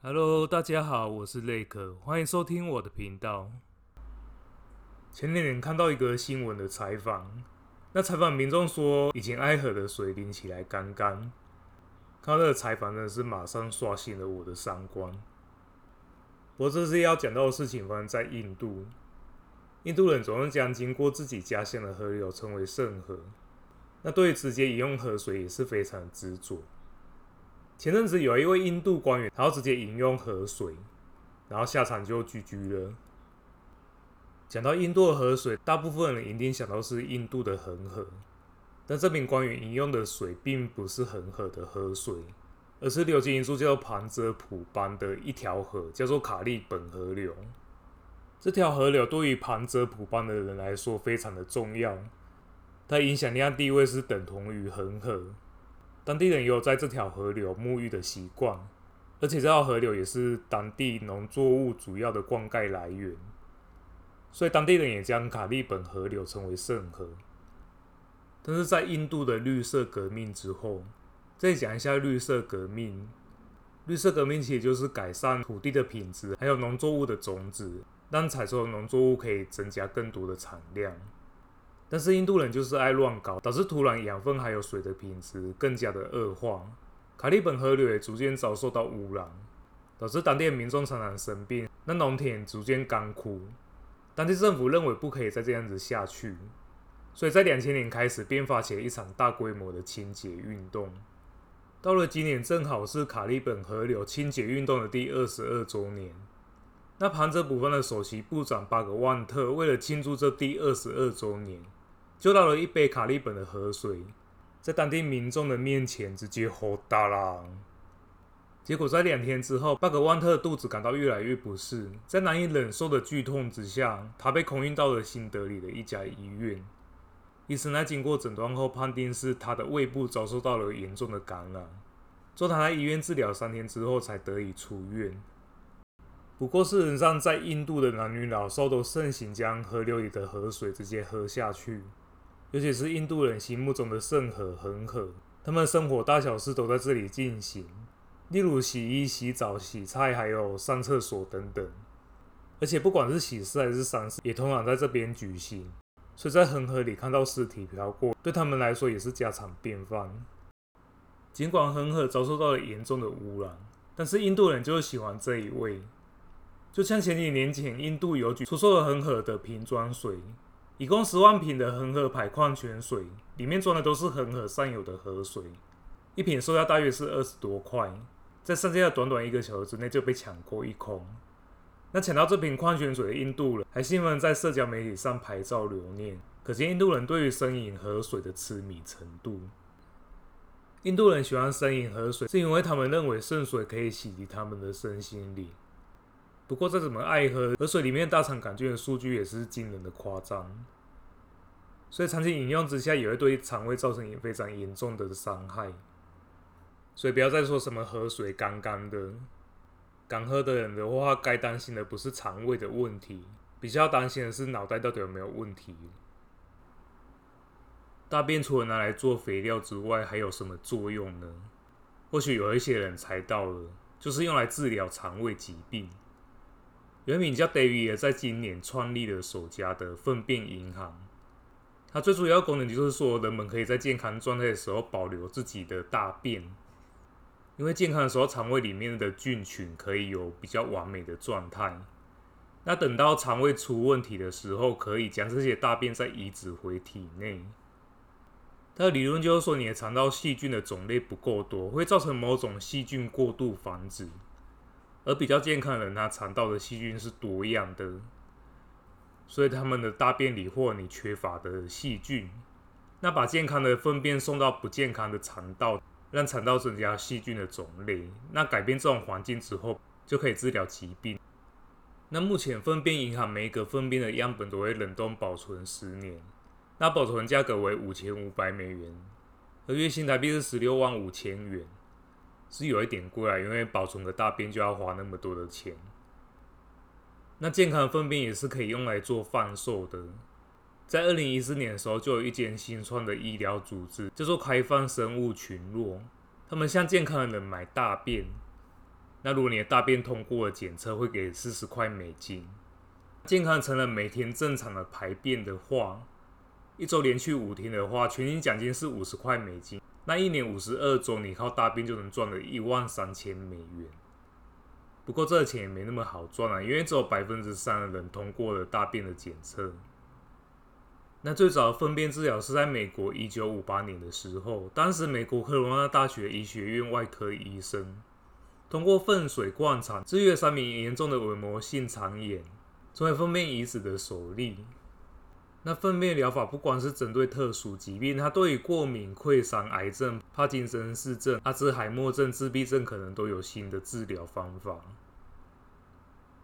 Hello，大家好，我是 Lake，歡迎收聽我的頻道。前兩年看到一個新聞的採訪，那採訪民眾說以前愛河的水喝起來甘甘的，看到這個採訪呢是馬上刷新了我的三觀。不過這次要講到的事情發生在印度，印度人總是將經過自己家鄉的河流稱為聖河，那對於直接飲用河水也是非常執着。前陣子有一位印度官員，他要直接飲用河水，然後下場就 GG 了。講到印度的河水，大部分人一定想到是印度的恆河，但這名官員飲用的水並不是恆河的河水，而是流經印度叫做旁遮普邦的一條河，叫做卡利本河流。這條河流對於旁遮普邦的人來說非常的重要，它影響力和地位是等同於恆河。當地人也有在這條河流沐浴的習慣，而且這條河流也是當地農作物主要的灌溉來源，所以當地人也將卡利本河流稱為聖河。但是在印度的綠色革命之後，再講一下綠色革命。綠色革命其實就是改善土地的品質，還有農作物的種子，讓採收的農作物可以增加更多的產量。但是印度人就是愛亂搞，導致土壤養分還有水的品質更加的惡化。卡利本河流也逐漸遭受到污染，導致當地的民眾常常生病。那農田逐漸乾枯，當地政府認為不可以再這樣子下去，所以在兩千年開始便發起了一場大規模的清潔運動。到了今年，正好是卡利本河流清潔運動的第二十二週年。那旁遮普邦的首席部長巴格萬特為了慶祝這第二十二週年。就倒了一杯卡利本的河水，在當地民眾的面前直接喝大啦。結果在兩天之後，巴格萬特的肚子感到越來越不適，在難以忍受的劇痛之下，他被空運到了新德里的一家醫院。醫生在經過診斷後判定是他的胃部遭受到了嚴重的感染。所以他在醫院治療三天之後才得以出院。不過，事實上，在印度的男女老少都盛行將河流裡的河水直接喝下去。尤其是印度人心目中的聖河恆河，他們的生活大小事都在這裡進行，例如洗衣、洗澡、洗菜，還有上廁所等等。而且不管是喜事還是喪事，也通常在這邊舉行。所以在恆河裡看到屍體漂過，對他們來說也是家常便飯。儘管恆河遭受到了嚴重的污染，但是印度人就是喜歡這一味。就像前幾年前，印度郵局出售了恆河的瓶裝水。一共十萬瓶的恆河牌礦泉水，裡面裝的都是恆河上游的河水。一瓶售價大約是二十多塊，在剩下的短短一個小時之內就被搶購一空。那搶到這瓶礦泉水的印度人，還興奮在社交媒體上拍照留念，可見印度人對於生飲河水的痴迷程度。印度人喜歡生飲河水，是因為他們認為聖水可以洗滌他們的身心靈。不過，再怎麼愛喝，河水裡面的大腸桿菌的數據也是驚人的誇張，所以長期飲用之下，也會對腸胃造成非常嚴重的傷害。所以，不要再說什麼河水甘甘的，敢喝的人的話，該擔心的不是腸胃的問題，比較擔心的是腦袋到底有沒有問題。大便除了拿來做肥料之外，還有什麼作用呢？或許有一些人猜到了，就是用來治療腸胃疾病。原本叫 David，在今年創立了首家的糞便銀行。它最主要功能就是說，人們可以在健康狀態的時候保留自己的大便，因為健康的時候腸胃裡面的菌群可以有比較完美的狀態。那等到腸胃出問題的時候，可以將這些大便再移植回體內。它的理論就是說，你的腸道細菌的種類不夠多，會造成某種細菌過度繁殖。而比較健康的人，他腸道的細菌是多樣的，所以他們的大便裡或你缺乏的細菌，那把健康的糞便送到不健康的腸道，讓腸道增加細菌的種類，那改變這種環境之後，就可以治療疾病。那目前糞便銀行每一個糞便的樣本都會冷凍保存十年，那保存價格為五千五百美元，約新台幣是十六萬五千元。是有一點貴啊，因為保存個大便就要花那麼多的錢。那健康的糞便也是可以用來做販售的。在二零一四年的時候，就有一間新創的醫療組織叫做“開放生物群落”，他們向健康的人買大便。那如果你的大便通過了檢測，會給四十塊美金。健康成人每天正常的排便的話，一周連續五天的話，全勤獎金是五十塊美金。那一年五十二週，你靠大便就能賺了一萬三千美元。不過這錢也沒那麼好賺啊，因為只有百分之三的人通過了大便的檢測。那最早的糞便治療是在美國一九五八年的時候，當時美國克羅納大學醫學院外科醫生通過糞水灌腸治癒了三名嚴重的偽膜性腸炎，成為糞便移植的首例。那糞便療法不光是針對特殊疾病，它對於過敏、潰瘍、癌症、帕金森氏症、阿茲海默症、自閉症可能都有新的治療方法。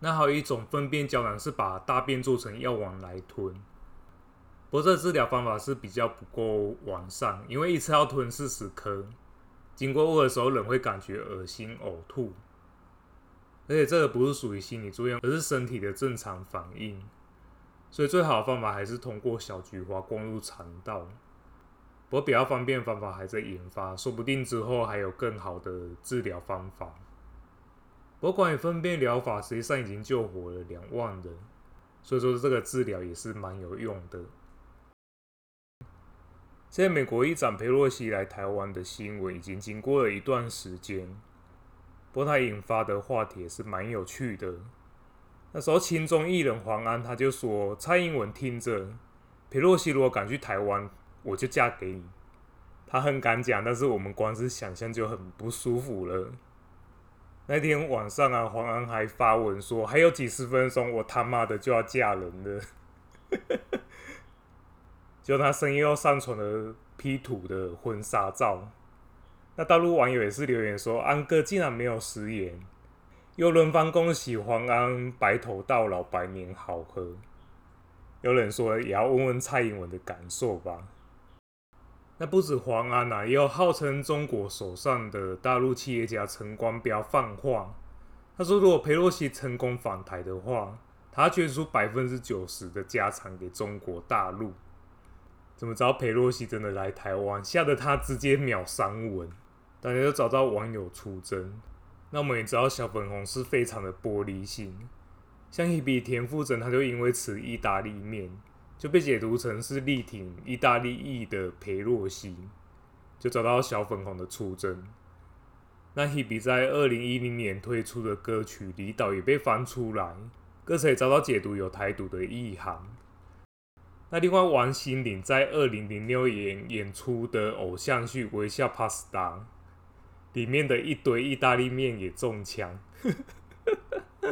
那還有一種糞便膠囊，是把大便做成藥丸來吞。不過這治療方法是比較不夠完善，因為一次要吞四十顆，經過胃的時候人會感覺噁心、嘔吐，而且這個不是屬於心理作用，而是身體的正常反應。所以最好的方法還是通過小菊花灌入腸道，不過比較方便的方法還在研發，說不定之後還有更好的治療方法。不過糞便療法實際上已經救活了兩萬人，所以說這個治療也是蠻有用的。現在美國議長佩洛西來台灣的新聞已經經過了一段時間，不過他引發的話題也是蠻有趣的。那時候，親中藝人黃安他就說：“蔡英文聽着，裴洛西如果敢去台灣，我就嫁給你。”他很敢講，但是我們光是想象就很不舒服了。那天晚上啊，黃安還發文說：“還有幾十分鐘，我他媽的就要嫁人了。 ”就他聲音又上傳了 P 圖的婚紗照。那大陸網友也是留言說：“安哥竟然沒有食言。”又輪番恭喜黃安，白頭到老，百年好合。有人說，也要問問蔡英文的感受吧。那不止黃安吶、啊，也有號稱中國首善的大陸企業家陳光標放話，他說如果佩洛西成功訪台的話，他捐出百分之九十的家產給中國大陸。怎麼着？佩洛西真的來台灣，嚇得他直接秒刪文，當然就找到網友出征。那我們也知道，小粉紅是非常的玻璃心。像 Hebe 田馥甄，他就因為吃意大利麵，就被解讀成是力挺意大利裔的裴洛西，就遭到小粉紅的出征。那 Hebe 在二零一零年推出的歌曲《離島》也被翻出來，歌詞也遭到解讀有台獨的意涵。那另外，王心凌在二零零六年演出的偶像劇《微笑 Pasta》，裡面的一堆意大利麵也中槍，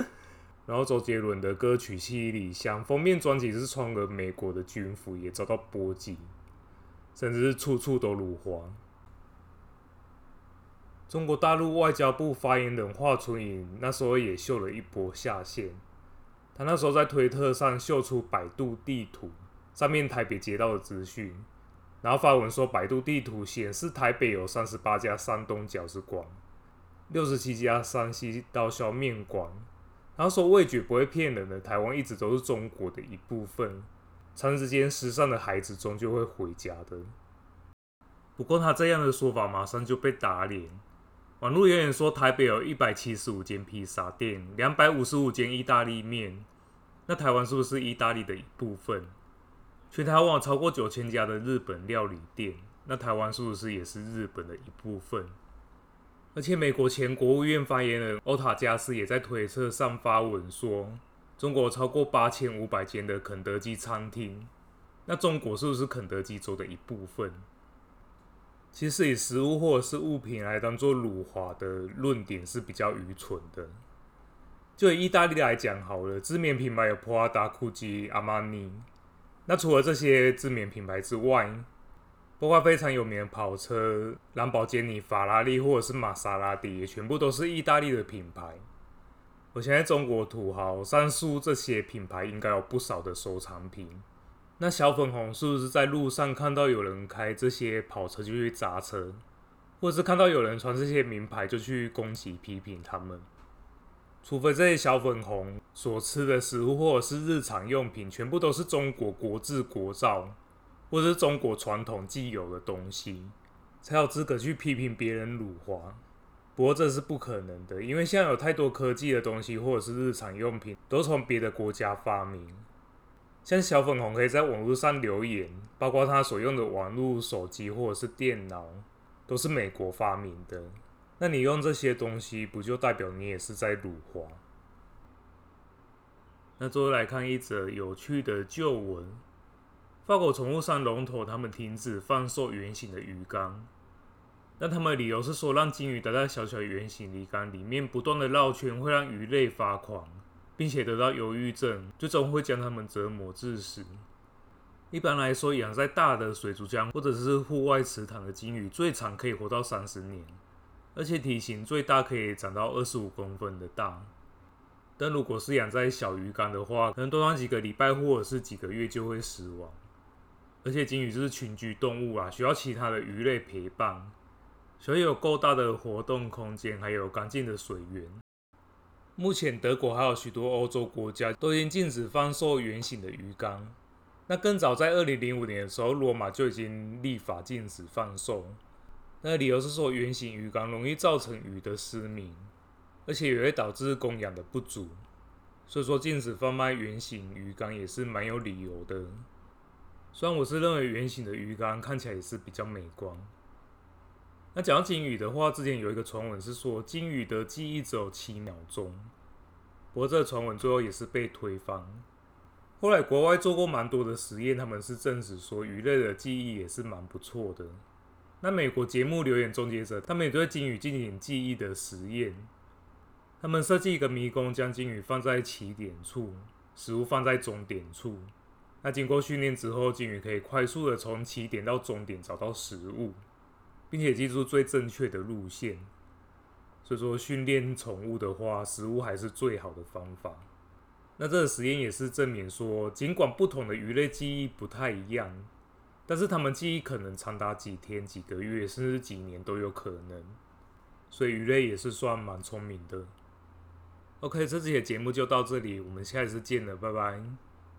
然後周杰倫的歌曲《七里香》封面專輯是穿了美國的軍服，也遭到波及，甚至是處處都辱華。中國大陸外交部發言人華春瑩那時候也秀了一波下限，他那時候在推特上秀出百度地圖上面台北街道的資訊。然後發文說，百度地圖顯示台北有三十八家山東餃子館，六十七家山西刀削麵館。然後說味覺不會騙人的，台灣一直都是中國的一部分。長時間失散的孩子終究會回家的。不過他這樣的說法馬上就被打臉。網絡有人說台北有一百七十五間披薩店，兩百五十五間意大利麵。那台灣是不是意大利的一部分？全台灣有超過九千家的日本料理店，那台灣是不是也是日本的一部分？而且美國前國務院發言人歐塔加斯也在推特上發文說，中國有超過八千五百間的肯德基餐廳，那中國是不是肯德基州的一部分？其實以食物或者是物品來當做辱華的論點是比較愚蠢的。就以意大利來講好了，知名品牌有普拉達、庫奇、阿瑪尼。那除了這些知名品牌之外，包括非常有名的跑車藍寶堅尼、法拉利或者是瑪莎拉蒂，也全部都是意大利的品牌。我現在中國土豪上述這些品牌應該有不少的收藏品。那小粉紅是不是在路上看到有人開這些跑車就去砸車，或者是看到有人穿這些名牌就去攻擊批評他們？除非這些小粉紅所吃的食物或者是日常用品全部都是中國國制國造，或者是中國傳統既有的東西，才有資格去批評別人辱華。不過這是不可能的，因為現在有太多科技的東西或者是日常用品都從別的國家發明。像小粉紅可以在網絡上留言，包括他所用的網絡、手機或者是電腦，都是美國發明的。那你用這些東西，不就代表你也是在辱華？那最後來看一則有趣的舊聞：法國寵物商龍頭他們停止放售圓形的魚缸。那他們的理由是說，讓金魚待在小小圓形的魚缸裡面不斷的繞圈，會讓魚類發狂，並且得到憂鬱症，最終會將它們折磨致死。一般來說，養在大的水族箱或者是戶外池塘的金魚，最長可以活到三十年。而且體型最大可以長到二十五公分的大，但如果是養在小魚缸的話，可能多養幾個禮拜或者是幾個月就會死亡。而且金魚就是群居動物啊，需要其他的魚類陪伴，所以有夠大的活動空間，還有乾淨的水源。目前德國還有許多歐洲國家都已經禁止放售圓形的魚缸。那更早在二零零五年的時候，羅馬就已經立法禁止放售。那理由是說圓形魚缸容易造成魚的失明，而且也會導致供氧的不足，所以說禁止販賣圓形魚缸也是蠻有理由的。雖然我是認為圓形的魚缸看起來也是比較美觀。那講到金魚的話，之前有一個傳聞是說金魚的記憶只有七秒鐘，不過這個傳聞最後也是被推翻。後來國外做過蠻多的實驗，他們是證實說魚類的記憶也是蠻不錯的。那美國節目《流言終結者》他們也對金魚進行記憶的實驗，他們設計一個迷宮，將金魚放在起點處，食物放在終點處。那經過訓練之後，金魚可以快速的從起點到終點找到食物，並且記住最正確的路線。所以說，訓練寵物的話，食物還是最好的方法。那這個實驗也是證明說，儘管不同的魚類記憶不太一樣。但是他們記憶可能長達幾天、幾個月，甚至幾年都有可能，所以魚類也是算蠻聰明的。OK，這期的節目就到這裡，我們下一次見了，拜拜。